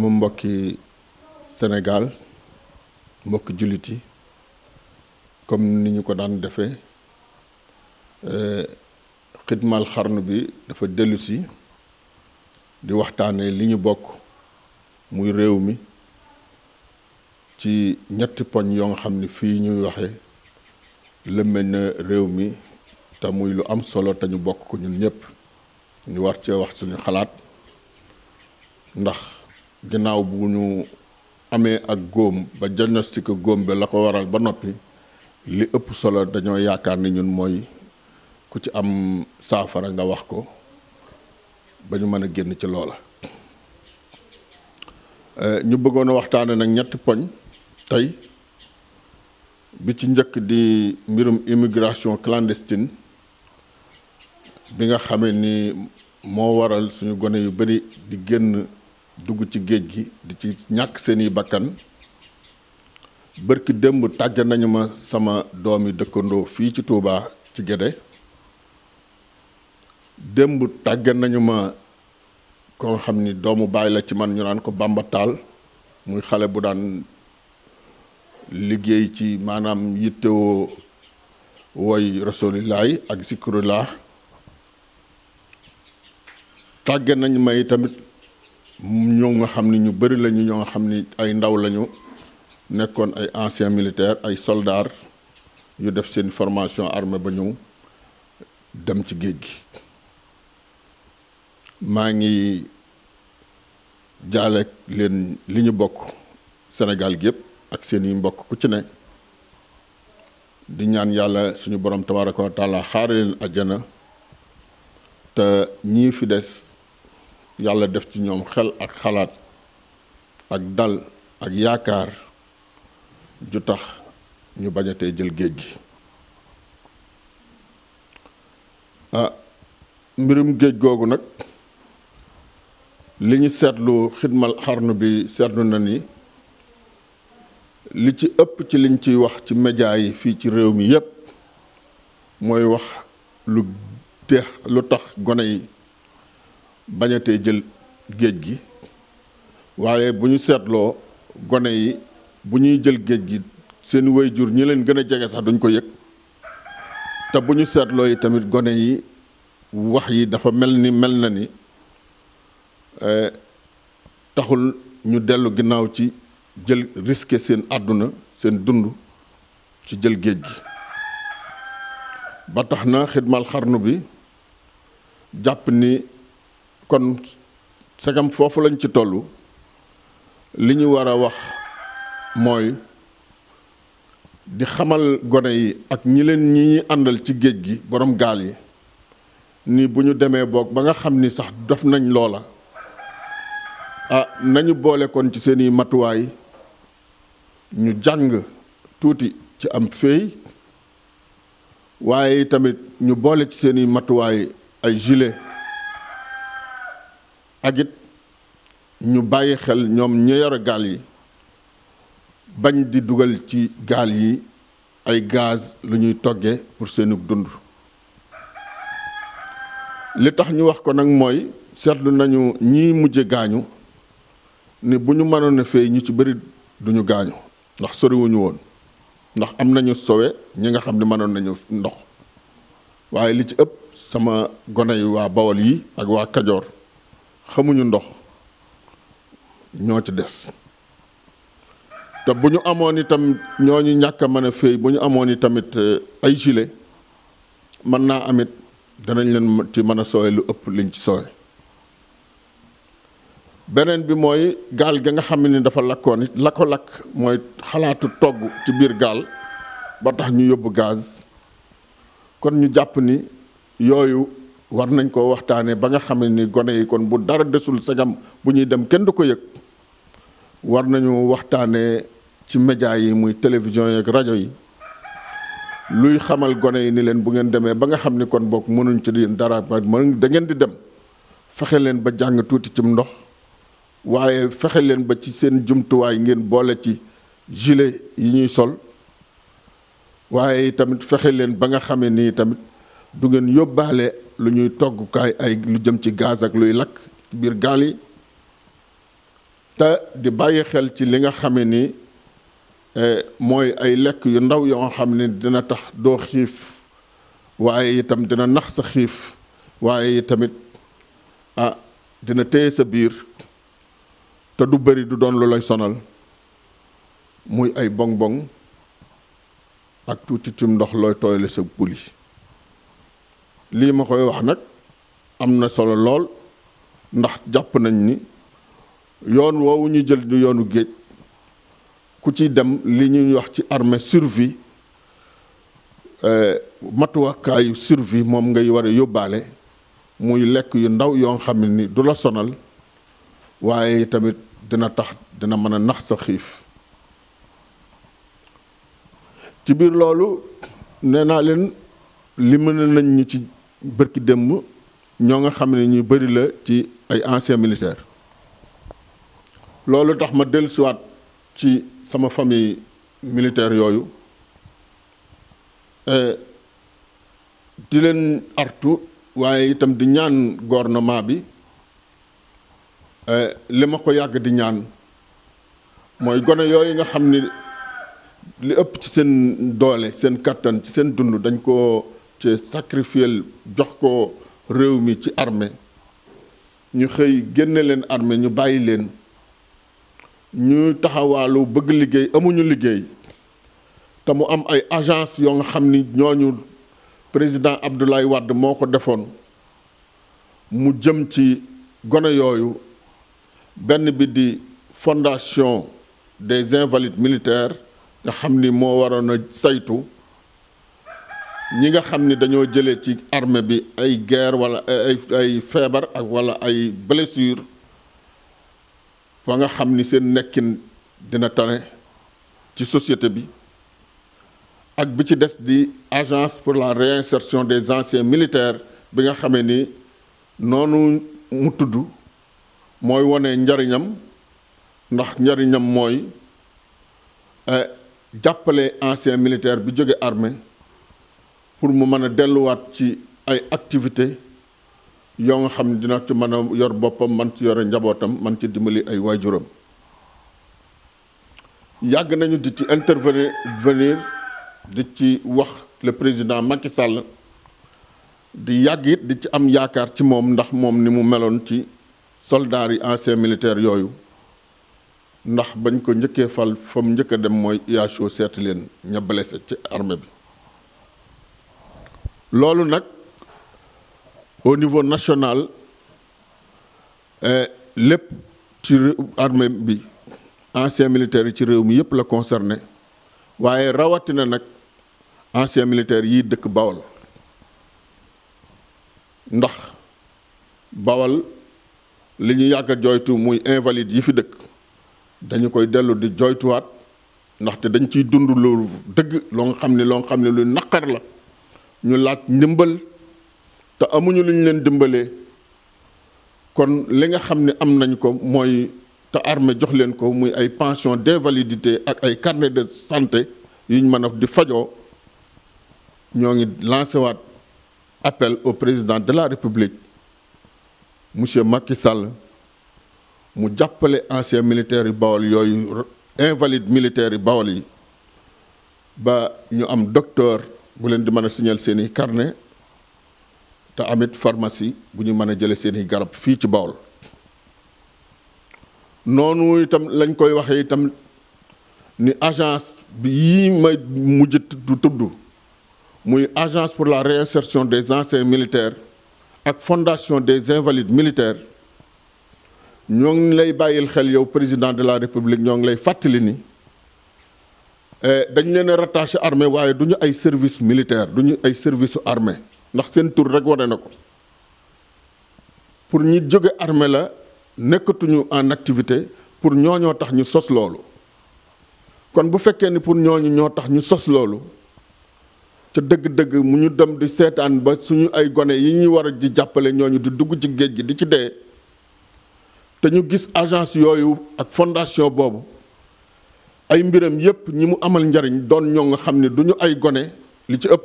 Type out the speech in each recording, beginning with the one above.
jàmm mbokki Sénégal mbokki jullit yi comme ni ñu ko daan defe eh, xidmaal xarnu bi dafa dellusi di waxtaanee li ñu bokk muy réew mi ci ñetti poñ yoo nga xam ni fii ñuy waxe lëmbe na réew mi te muy lu am solo te ñu bokk ko ñun ñépp ñu war cee wax suñu xalaat ndax ginnaaw bu ñu amee ak góom ba diagnostic góom bi la ko waral ba noppi li ëpp solo dañoo yaakaar ni ñun mooy ku ci am saafara nga wax ko ba ñu mën a génn ci loola eh, ñu bëggoon a waxtaane nag ñetti poñ tey bi ci njëkk di mbirum immigration clandestine bi nga xamee ni moo waral suñu gone yu bari di génn dugg ci géej gi di ci ñàkk seeni bakkan bërki dëmb tàgge nañu ma sama doomi dëkkandoo fii ci Touba ci Gédé dëmb tàgge nañu ma koo xam ni doomu baay la ci man ñu naan ko Bamba muy xale bu daan liggéey ci maanaam yittewoo woy rasulillahi ak zikrullah tàgge nañu ma tamit ñoo nga xam ni ñu bëri lañu ñoo nga xam ni ay ndaw lañu nekkoon ay anciens militaire ay soldats yu def seen formation armée ba ñëw dem ci géej gi maa ngi jaale leen li ñu bokk Sénégal gi yëpp ak seen i mbokk ku ci ne di ñaan yàlla suñu borom tabaraka wa taala xaare leen te ñii fi des yàlla def ci ñoom xel ak xalaat ak dal ak yaakaar ju tax ñu bañatee jël géej gi ah mbirum géej googu nag li ñu seetlu xidmal xarnu bi seetlu na ni li ci ëpp ci liñ ciy wax ci média yi fii ci réew mi yépp mooy wax lu teex lu tax gone yi bañatee jël géej gi waaye bu ñu seetloo gone yi bu ñuy jël géej gi seen waajur ñi leen gën a jege sax duñ ko yëg te bu ñu seetloo yi tamit gone yi wax yi dafa mel ni mel na ni eh, taxul ñu dellu ginnaaw ci jël risque seen àdduna seen dund ci jël géej gi ba tax na xidmal xarnu bi jàpp ni kon segam foofu lañ ci tollu li ñu war a wax mooy di xamal gone yi ak ñi leen ñi ñuy àndal ci géej gi boroom gaal yi ni bu ñu demee boog ba nga xam ni sax def nañ loola ah nañu boole kon ci seeni matuwaay ñu jàng tuuti ci am féey waaye tamit ñu boole ci seeni matuwaay ay gilet agit ñu bàyyi xel ñoom ñi yore gaal yi bañ di dugal ci gaal yi ay gaz lu ñuy toggee pour seenug dund li tax ñu wax ko nag mooy seetlu nañu ñi mujje gaañu ni bu ñu mënoon a ñu ci bari duñu gaañu ndax soriwuñu woon ndax am nañu sowe ñi nga xam ne mënoon nañu ndox waaye li ci ëpp sama gone yi waa Bawol yi ak waa Kajoor xamuñu ndox ñoo ci des te bu ñu amoon itam ñoo ñu ñàkk a mën a féey bu ñu amoon i tamit eh, ay gilet mën naa amit danañ leen ci mën a soowe lu ëpp liñ ci soowe beneen bi mooy gaal ga nga xam ne dafa lakkoon it la ko lakk mooy xalaatu togg ci biir gaal ba tax ñu yóbbu gaas kon ñu jàpp ni yooyu war nañ koo waxtaanee ba nga xam ni gone yi kon bu dara desul sagam bu ñuy dem kenn du ko yëg war nañu waxtaanee ci média yi muy télévision yeeg rajo yi luy xamal gone yi ni leen bu ngeen demee ba nga xam ni kon boog mënuñ ci yéen dara ba mën da di dem fexe leen ba jàng tuuti cim ndox waaye fexe leen ba ci seen jumtuwaay ngeen boole ci gilet yi ñuy sol waaye tamit fexe leen ba nga xamee nii tamit. du ngeen yóbbaale lu ñuy toggukaay ay lu jëm ci gaz ak luy lakk biir gaal yi te di bàyyi xel ci li nga xame ni e, mooy ay lekk yu ndaw yoo xam ne dina tax doo xiif waaye itam dina nax sa xiif waaye itamit a dina téye sa biir te du bari du doon lu lay sonal muy ay bong ak tuuti tim ndox looy tooyle sa buli lii ma koy wax nag am na solo lool ndax jàpp nañ ni yoon woowu ñu jël du yoonu géej ku ci dem li ñuy wax ci armée survie euh, matuwakaayu survie moom ngay war yóbbaale muy lekk yu ndaw yoo xam ne ni du la sonal waaye tamit dina tax dina mën a nax sa xiif ci biir loolu nee naa leen li mën nañ ñu ci bërki démb ñoo nga xam ne ñu bëri la ci ay anciens militaires loolu tax ma dellusiwaat ci sama famille militaire yooyu eh, di leen artu waaye itam di ñaan gouvernement bi eh, li ma ko yàgg di ñaan mooy gone yooyu nga xam ni li ëpp ci seen doole seen kàttan ci seen dund dañ ko ci sacrifier jox ko réew mi ci armée ñu xëy génne leen arme ñu bàyyi leen ñu taxawaalu bëgg liggéey amuñu liggéey te mu am ay agence yoo nga xam ni ñooñu président Abdoulaye Wade moo ko defoon mu jëm ci gone yooyu benn bi di fondation des invalides militaires nga xam ni moo waroon a saytu ñi nga xam ni dañoo jëlee ci armée bi ay guerre wala ay ay feebar ak wala ay blessure fa nga xam ni seen nekkin dina tane ci société bi ak bi ci des di agence pour la réinsertion des anciens militaires bi nga xamee ni noonu mu tudd mooy wone njariñam ndax njariñam mooy eh, jàppale ancien militaire bi jóge armée pour mu mën a delluwaat ci ay activité yoo nga xam ne dina ci mën a yor boppam man ci yore njabootam man ci dimbali ay waajuram yàgg nañu di ci intervenir venir di ci wax le président Macky Sall di yàgg yit di ci am yaakaar ci moom ndax moom ni mu meloon ci soldats yi anciens militaires yooyu ndax bañ ko njëkkee fal fa mu njëkk dem mooy IHO seeti leen ña blessé ci armée bi loolu nag au niveau national eh, lépp ci armée bi anciens militaire yi ci réew mi yëpp la concerné waaye rawatina nag anciens militaires yi dëkk Bawol ndax Bawol li ñu yàgg a joytu muy invalide yi fi dëkk dañu koy dellu di joytuwaat ndaxte dañ ciy dund loolu dëgg loo nga xam ne loo nga xam ne lu naqar la ñu laaj ndimbal te amuñu lu leen dimbalee kon li nga xam ni am nañ ko mooy te armée jox leen ko muy ay pension d'invalidité ak ay carnet de santé yu ñu mën a di fajoo ñoo ngi lancé waat appel au président de la république monsieur Macky Sall mu jàppale anciens militaires yu Bawol yooyu invalide militaires yu Bawol yi ba ñu am docteur. bu leen di mën a signal seen i carnet te amit pharmacie bu ñu mën a jële seen i garab fii ci Bawol noonu itam lañ koy waxee itam ni agence bi yii ma mujj du tudd muy agence pour la réinsertion des anciens militaires ak fondation des invalides militaires ñoo ngi lay bàyyil xel yow président de la république ñoo ngi lay fàttali ni Eh, dañ leen a rattaché waaye du ñu ay service militaire du ñu ay service armée ndax seen tour rek wane na ko pour ñi jóge armée la nekkatuñu en activité pour ñoo ñooñoo tax ñu sos loolu kon bu fekkee ni pour ñooñu ñoo tax ñu sos loolu ca dëgg-dëgg mu ñu dem di seetaan ba suñu ay gone yi ñuy war a di jàppale ñooñu di dugg ci géej gi di ci dee te ñu gis agence yooyu ak fondation boobu ay mbiram yépp ñi mu amal njariñ doon ñoo nga xam ne du ñu ay gone li ci ëpp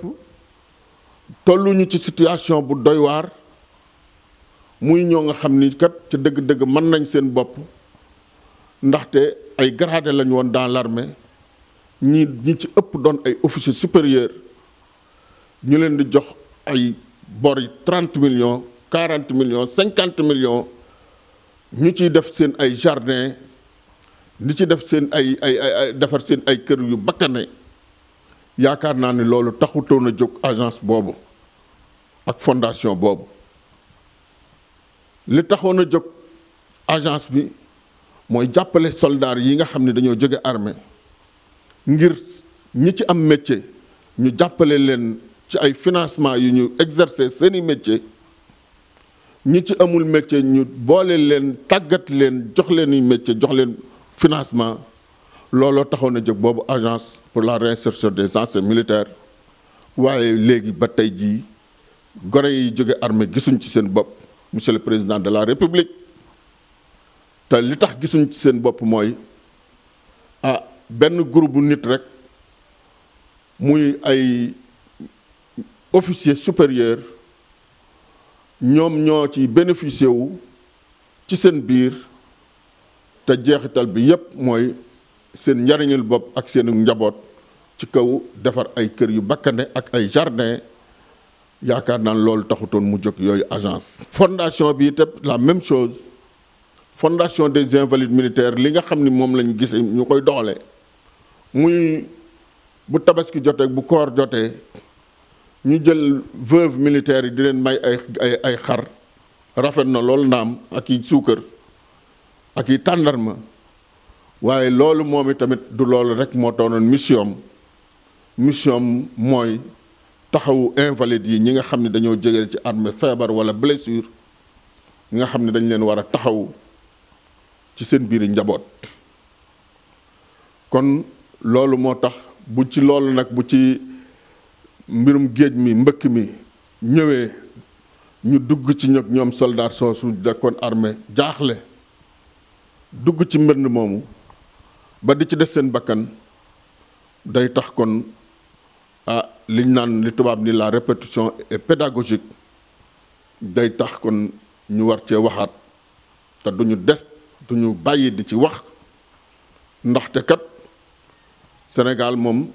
tolluñu ci situation bu doywaar muy ñoo nga xam ni kat ci dëgg-dëgg mën nañ seen bopp ndaxte ay gradé lañu woon dans l'armée ñi ñi ci ëpp doon ay officier supérieur ñu leen di jox ay bor yi 30 millions 40 millions 50 millions ñu ciy def seen ay jardin di ci def seen ay ay ay defar seen ay kër yu bakkane yaakaar naa ni loolu taxutoon a jóg agence boobu ak fondation boobu li taxoon a jóg agence bi mooy jàppale soldats yi nga xam ni dañoo jóge armée ngir ñi ci am métier ñu jàppale leen ci ay financement yu ñu exercer seeni métier ñi ci amul métier ñu boole leen tàggat leen jox leen i métier jox leen financement looloo taxoon na jóg boobu agence pour la réinsertion des anciens militaire waaye léegi ba tey jii gore yi jóge armée gisuñ ci seen bopp monsieur le président de la république te li tax gisuñ ci seen bopp mooy ah benn group bu nit rek muy ay officier supérieur ñoom ñoo ci bénéficier wu ci seen biir te jeexital bi yépp mooy seen njariñul bopp ak seenu njaboot ci kaw defar ay kër yu bakkande ak ay jardin yaakaar naan loolu taxutoon mu jóg yooyu agence fondation bi te la même chose fondation des invalides militaire li nga xam ni moom lañu gisee ñu koy doxale muy bu tabaski jotee bu koor jotee ñu jël veuve militaire yi di leen may ay ay ay xar rafet na loolu naam ak i suukar ak i tàndarma waaye loolu moom i tamit du loolu rek moo doonoon mission mission mooy taxawu invalide yi ñi nga xam ni dañoo jóge ci armée feebar wala blessure ñi nga xam ne dañ leen war a taxaw ci seen biiri njaboot kon loolu moo tax bu ci loolu nag bu ci mbirum géej mi mbëkk mi ñëwee ñu dugg ci ñoom soldat soosu dekkoon armée jaaxle dugg ci mbënd moomu ba di ci des seen bakkan day tax kon ah liñ naan li tubaab ni la répétition est pédagogique day tax kon ñu war cee waxaat te duñu des duñu bàyyi di ci wax ndaxte kat Sénégal moom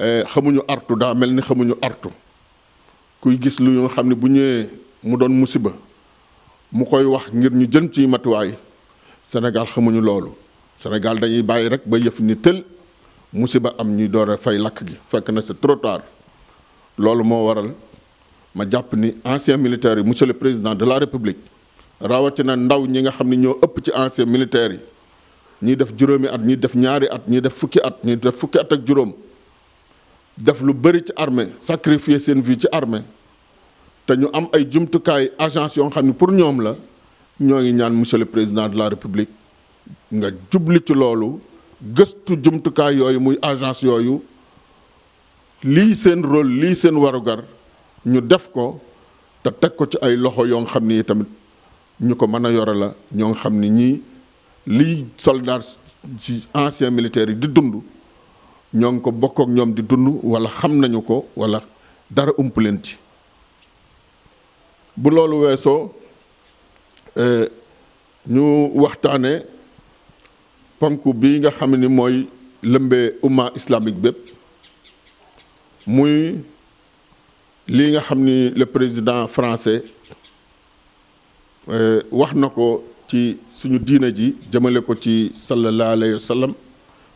e, xamuñu artu daa mel ni xamuñu artu kuy gis lu ñu xam ne bu ñëwee mu doon musiba mu koy wax ngir ñu jëm ci matuwaay Sénégal xamuñu loolu Sénégal dañuy bàyyi rek ba yëf ni tël musiba am ñuy door a fay lakk gi fekk na c'est trop loolu moo waral ma jàpp ni ancien militaire yi monsieur le président de la république rawatina ndaw ñi nga xam ne ñoo ëpp ci ancien militaire yi ñi def juróomi at ñi def ñaari at ñi def fukki at ñi def fukki at ak juróom def lu bëri ci armée sacrifier seen vie ci armée te ñu am ay jumtukaay agence yoo xam ne pour ñoom la ñoo ngi ñaan monsieur le président de la république nga jubli ci loolu gëstu jumtukaay yooyu muy agence yooyu lii seen rôle lii seen warugar ñu def ko te teg ko ci ay loxo yoo xam ni tamit ñu ko mën a yore la ñoo xam ni ñii lii soldats ci anciens militaires yi di dund ñoo ngi ko bokk ak ñoom di dund wala xam nañu ko wala dara ump leen ci bu loolu weesoo. Euh, ñu waxtaane ponk bi nga xam ni mooy lëmbee umma islamique bépp muy lii nga xam ni le président français euh, wax na ko ci suñu diina ji jëmale ko ci sallallahu alayhi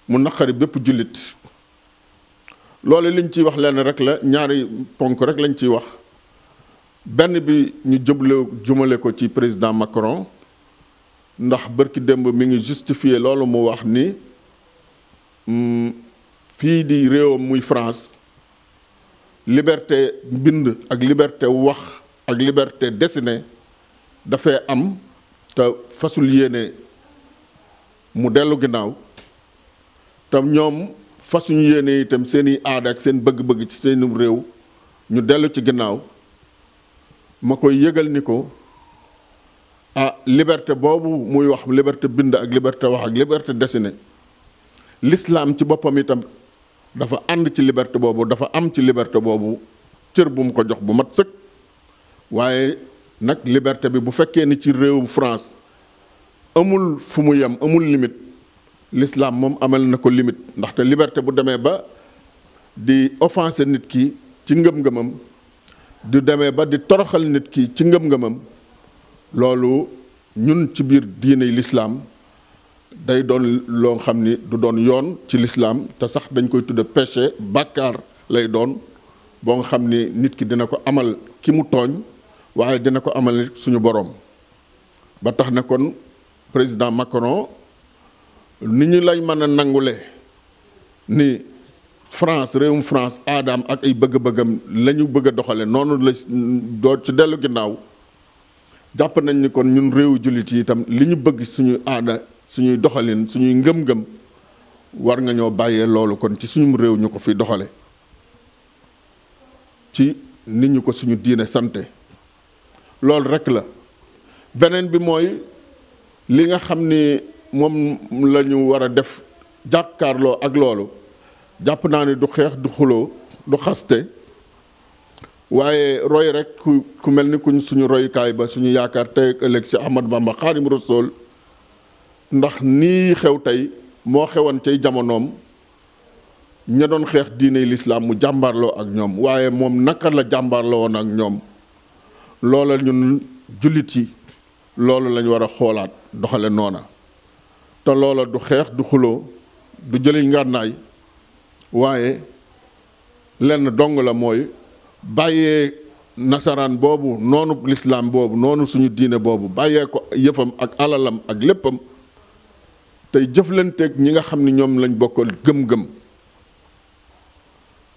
mu naqari bépp jullit loolu liñ ciy wax lenn rek la ñaari ponk rek lañ ciy wax benn bi ñu jëble jumale ko ci président Macron ndax bërki démb mi ngi justifier loolu mu wax ni hmm, fii di réewam muy France liberté mbind ak liberté wax ak liberté dessiner dafay am te fasul yéene mu dellu ginnaaw te ñoom fasuñu yéene itam seeni aada ak seen bëgg-bëgg ci seenu réew ñu dellu ci ginnaaw ma koy yëgal ni ko ah liberté boobu muy wax liberté bind ak liberté wax ak liberté dessiner lislaam ci boppam itam dafa ànd ci liberté boobu dafa am ci liberté boobu cër bu mu ko jox bu mat sëkk waaye nag liberté bi bu fekkee ni ci réewum France amul fu mu yem amul limite l'islam moom amal na ko limite ndaxte liberté bu demee ba di offenser nit ki ci ngëm-ngëmam du deme ba di toroxal nit ki ci ngëm-ngëmam loolu ñun ci biir diine lislaam day doon loo xam ni du doon yoon ci lislaam te sax dañ koy tudd péché bàkkaar lay doon boo xam ni nit ki dina ko amal ki mu tooñ waaye dina ko amal suñu boroom ba tax na kon président Macron ni ñu lay mën a nangule nii France réewum France aadaam ak ay bëgg-bëggam la ñu bëgg a doxale noonu la doo ci dellu ginnaaw jàpp nañ ni kon ñun réewu jullit yi itam li ñu bëgg suñu aada suñuy doxalin suñuy ngëm-ngëm war nga ñoo bàyyee loolu kon ci suñu réew ñu ko fi doxale ci nit ñu ko suñu diine sante loolu rekk la beneen bi mooy li nga xam ni moom lañu ñu war a def jàkkaarloo ak loolu jàpp naa ne du xeex du xuloo du xaste waaye roy rek ku mel ni kuñ suñu royukaay ba suñu yaakaar tey ak ëllëg si Ahmad Bamba Xaadim Rasool ndax nii xew tey moo xewoon cay jamonoom ña doon xeex diine lislaam mu jàmbaarloo ak ñoom waaye moom naka la jàmbaarloo woon ak ñoom loola ñun jullit yi loolu lañ war a xoolaat doxale noona te loola du xeex du xuloo du jëliñ ngànnaay waaye lenn dong la mooy bàyyee nasaraan boobu noonu lislaam boobu noonu suñu diine boobu bàyyee ko yëfam ak alalam ak léppam tey jëflanteeg ñi nga xam ni ñoom lañ bokkal gëm-gëm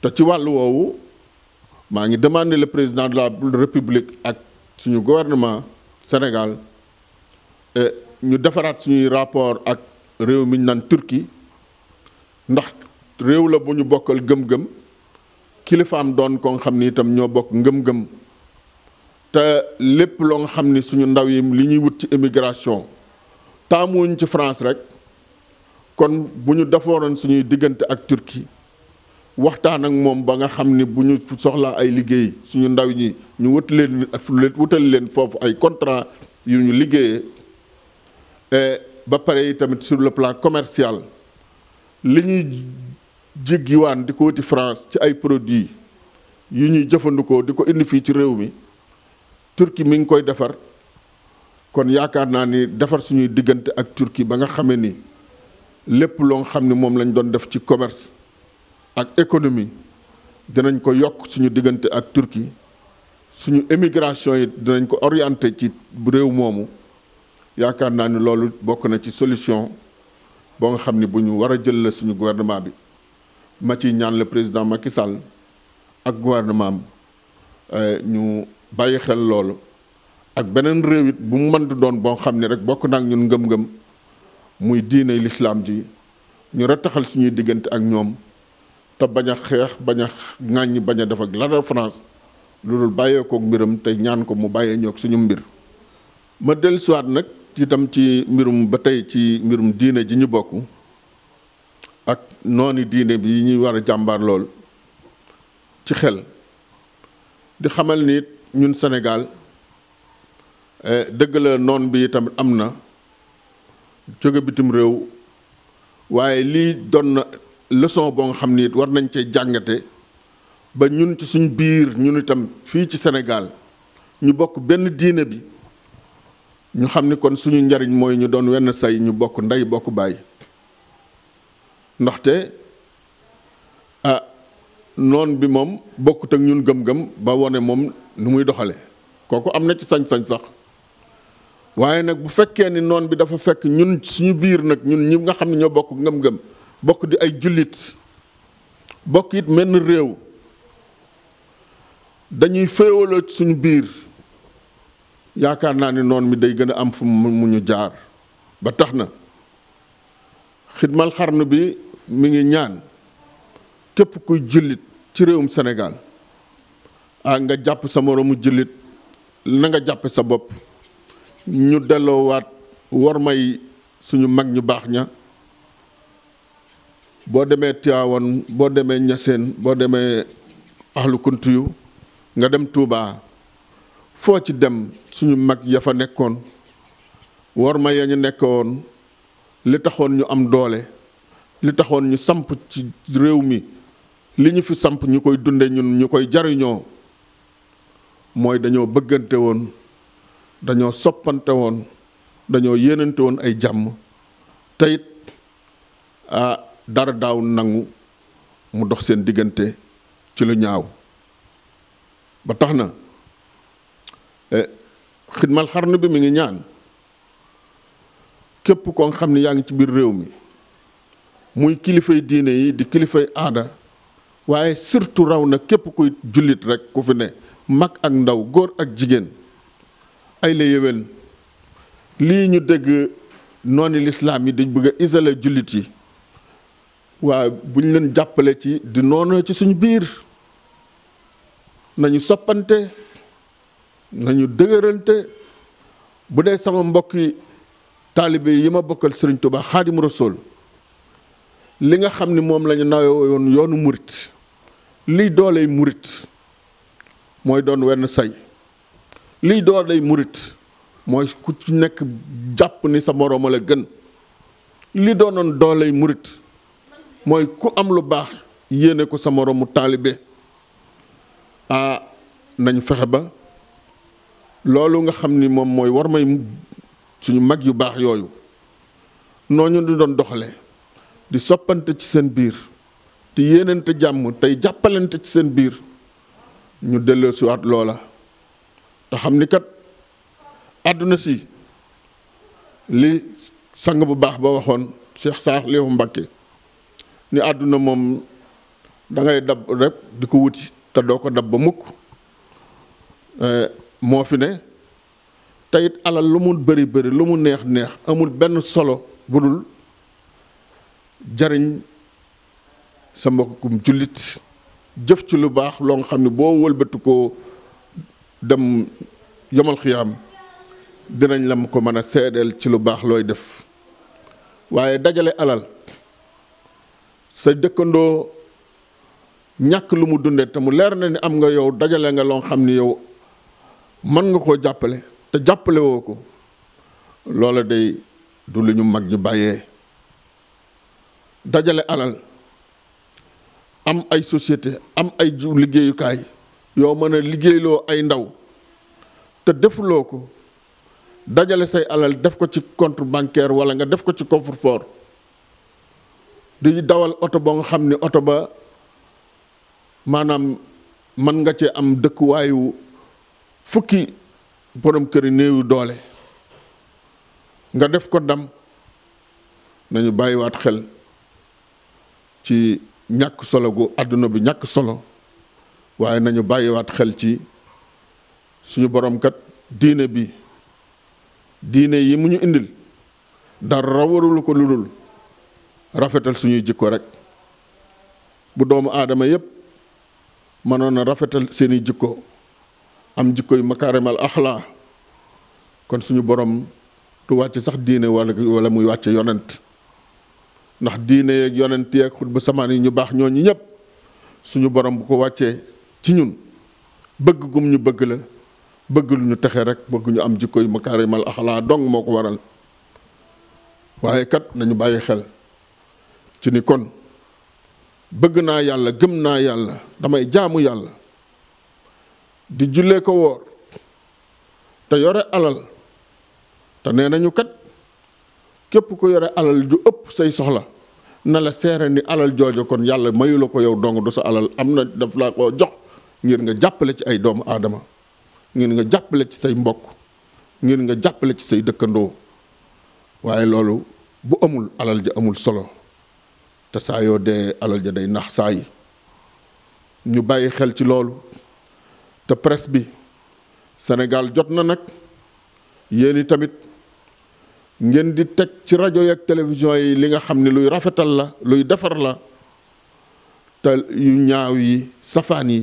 te ci wàll woowu maa ngi demandé le président de la république ak suñu gouvernement Sénégal eh, ñu defaraat suñuy rapport ak réew mi naan turki ndax réew la bu ñu bokkal gëm-gëm kilifaam doon ko nga xam ni itam ñoo bokk ngëm-ngëm te lépp loo nga xam ni suñu ndaw yi li ñuy wut ci immigration taamuwuñ ci France rek kon bu ñu defooroon suñuy diggante ak Turquie waxtaan ak moom ba nga xam ni bu ñu soxlaa ay liggéey suñu ndaw ñi ñu wut leen wutal leen foofu ay contrat yu ñu liggéeyee eh, ba pare yi tamit sur le plan commercial li ñuy jéggiwaan di ko wuti France ci ay produits yu ñuy jëfandikoo di ko indi fii ci réew mi Turquie mi ngi koy defar kon yaakaar naa ni defar suñuy diggante ak turki ba nga xamee ni lépp loo xam ne moom lañ doon def ci commerce ak économie dinañ ko yokk suñu diggante ak turki suñu émigration yi dinañ ko orienté ci réew moomu yaakaar naa ni loolu bokk na ci solution boo nga xam ni bu ñu war a jël la suñu gouvernement bi ma ci ñaan le président Macky Sall ak gouvernement am euh, ñu bàyyi xel loolu ak beneen réew it bu mu mën di doon boo xam ne rek bokk na ñun ngëm-ngëm muy diine lislaam ji ñu rataxal suñuy diggante ak ñoom te bañ a xeex bañ a ŋàññi bañ a def ak la France loolu bàyyeekoo ak mbiram te ñaan ko mu bàyyee ñoog suñu mbir. ma dellusiwaat nag ci itam ci mbirum ba tey ci mbirum diine ji ñu bokk. ak nooni diine bi ñuy war a jàmbaar lool ci xel di xamal ni ñun senegaal eh, dëgg la noon bi tamit am na jóge bitim réew waaye lii doon na leçon boo nga xam ni war nañ cee jàngate ba ñun ci suñ biir ñun itam fii ci senegaal ñu bokk benn diine bi ñu xam ni kon suñu njariñ mooy ñu doon wenn say ñu bokk ndey bokk baay ndaxte a ah, noon bi moom bokkut ak ñun gëm-gëm ba wone moom nu muy doxale kooku am na ci sañ-sañ sax waaye nag bu fekkee ni noon bi dafa fekk ñun suñu biir nag ñun ñi nga xam ne ñoo bokk ngëm-ngëm bokk di ay jullit bokk it menn réew dañuy féewaloo suñu biir yaakaar naa ni noon mi day gën a am fu mu ñu jaar ba tax na xidmal xarnu bi mi ngi ñaan képp kuy jullit ci réewum Sénégal ah nga jàpp sa moroomu jullit na nga jàppe sa bopp ñu delloowaat war may suñu mag ñu baax ña boo demee Tiwaawan boo demee Ñaseen boo demee Ahlu Kuntuyu nga dem Tuubaa foo ci dem suñu mag ya fa nekkoon wor ma ya ñu nekkoon li taxoon ñu am doole li taxoon ñu samp ci réew mi li ñu fi samp ñu koy dunde ñun ñu koy jariñoo mooy dañoo bëggante woon dañoo soppante woon dañoo yéenante woon ay jàmm teyit ah dara daaw nangu mu dox seen diggante ci lu ñaaw ba tax na e, xidmal xarnu bi mi ngi ñaan képp koo xam ni yaa ngi ci biir réew mi muy kilifay diine yi di kilifay aada waaye surtout raw na képp kuy jullit rek ku fi ne mag ak ndaw góor ak jigéen ay lii ñu dégg noonu lislaam yi dañ bëgg a jullit yi waaye bu ñu leen jàppale ci di noonu ci suñu biir nañu soppante nañu dëgërante bu dee sama mbokki taalibe yi ma bokkal Sëriñ Tuubaa Xaadimu Rasuul li nga xam ni moom lañu ñu yoonu murit liy dooley murit mooy doon wenn say liy dooley murit mooy ku ci nekk jàpp ni sa moroom la gën li doonoon dooley murit mooy ku am lu baax yéene ko sa moroomu taalibe ah nañ fexe ba loolu nga xam ni moom mooy war may suñu mag yu baax yooyu noo ñu di doon doxale di soppante ci seen biir di yéenante jàmm tey jàppalante ci seen biir ñu delloosiwaat loola te xam ni kat àdduna si li sang bu baax ba waxoon Cheikh Saliou Mbacké ni àdduna moom dangay dab rek di ko wuti te doo ko dab ba mukk eh, moo fi ne teyit alal lu mu bëri bëri lu mu neex neex amul benn solo bu dul jariñ sa mbokkum jullit jëf ci lu baax loo nga xam ne boo wëlbatu dem yomal xiyaam dinañ la ko mën a seddal ci lu baax looy def waaye dajale alal sa dëkkandoo ñàkk lu mu dundee te mu leer na ni am nga yow dajale nga loo xam ni yow mën nga koo jàppale te jàppalewoo ko loola day du lu ñu mag ñu bàyyee dajale alal am ay société am ay ju liggéeyukaay yoo mën a liggéeyloo ay ndaw te defuloo ko dajale say alal def ko ci contre bancaire wala nga def ko ci coffre foor di dawal oto ba nga xam ni oto ba maanaam mën nga ci am dëkkuwaayu fukki borom kër yi néewu doole nga def ko dam nañu bàyyiwaat xel ci ñàkk solo gu àdduna bi ñàkk solo waaye nañu bàyyiwaat xel ci suñu borom kat diine bi diine yi mu ñu indil dara warul ko lu dul rafetal suñuy jikko rek bu doomu aadama yépp mënoon a rafetal seeni jikko am jikko yu makaarimal axlaa kon suñu borom du wàcc sax diine wala wala muy wàcce yonent ndax diine yeeg yonent yeeg xutba samaan yi ñu baax ñooñu ñëpp suñu borom bu ko wàccee ci ñun bëgg gum ñu bëgg la bëgg lu ñu texe rek bëgg ñu am jikko yu a axlaa dong moo ko waral waaye kat nañu bàyyi xel ci ni kon bëgg naa yàlla gëm naa yàlla damay jaamu yàlla di jullee ko woor te yore alal te nee nañu kat képp ko yore alal ju ëpp say soxla na la seere ni alal joojo kon yàlla mayu ko yow dong du sa alal am na daf la ko jox ngir nga jàppale ci ay doomu aadama ngir nga jàppale ci say mbokk ngir nga jàppale ci say dëkkandoo waaye loolu bu amul alal ja amul solo te saa yoo dee alal ja day nax saa yi ñu bàyyi xel ci loolu te presse bi Sénégal jot na nag yéen tamit ngeen di teg ci rajo yi ak télévision yi li nga xam ne luy rafetal la luy defar la te yu ñaaw yi safaan yi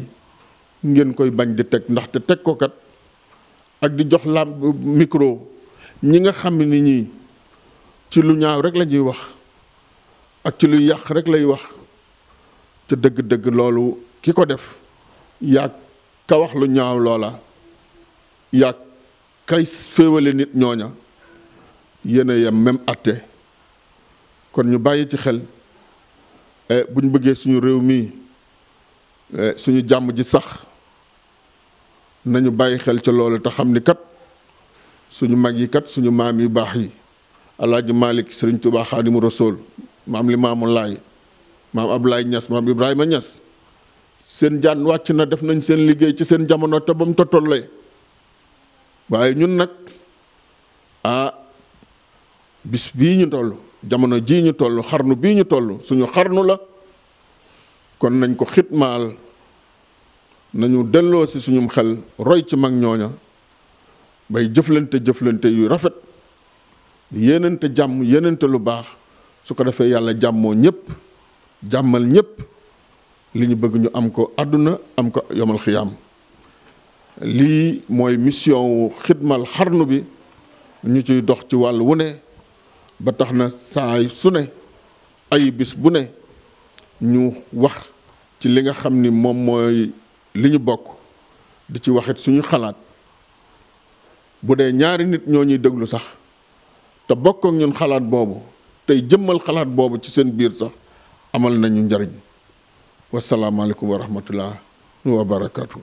ngeen koy bañ di teg ndaxte teg ko kat ak di jox lam mikro ñi nga xam ni ñii ci lu ñaaw rek la ñuy wax ak ci luy yàq rek lay wax te dëgg-dëgg loolu ki ko def yaa kawax lu ñaaw loola yaa kay féewale nit ñooña yéen a yem même kon ñu bàyyi ci xel e, bu ñu bëggee suñu réew mi e, suñu jàmm ji sax nañu bàyyi xel ci loolu te xam ni kat suñu mag yi kat suñu maam yu baax yi alaaji malik Sëriñ Tuubaa Xaadimu Rasuul maam Limaamu Laay maam Ablaay Ñas maam Ibrahima Ñas seen jaan wàcc na def nañ seen liggéey ci seen jamono te ba mu totollee waaye ñun nag ah, bis bii ñu toll jamono jii ñu toll xarnu bii ñu toll suñu xarnu la kon nañ ko xitmaal nañu delloo si suñum xel roy ci mag ñooña bay jëflante jëflante yu rafet yéenante jàmm yéenante lu baax su ko defee yàlla jàmmoo ñépp jàmmal ñépp li ñu bëgg ñu am ko àdduna am ko yomal xiyaam lii mooy mission wu xidmal xarnu bi ñu ciy dox ci wàll wu ne ba tax na saay su ne ay bis bu ne ñu wax ci li nga xam ni moom mooy li ñu bokk di ci waxit suñu xalaat bu dee ñaari nit ñoo ñuy déglu sax te bokk ak ñun xalaat boobu tey jëmmal xalaat boobu ci seen biir sax amal nañu njariñ wasalaamaaleykum wa rahmatullah wa barakaatu.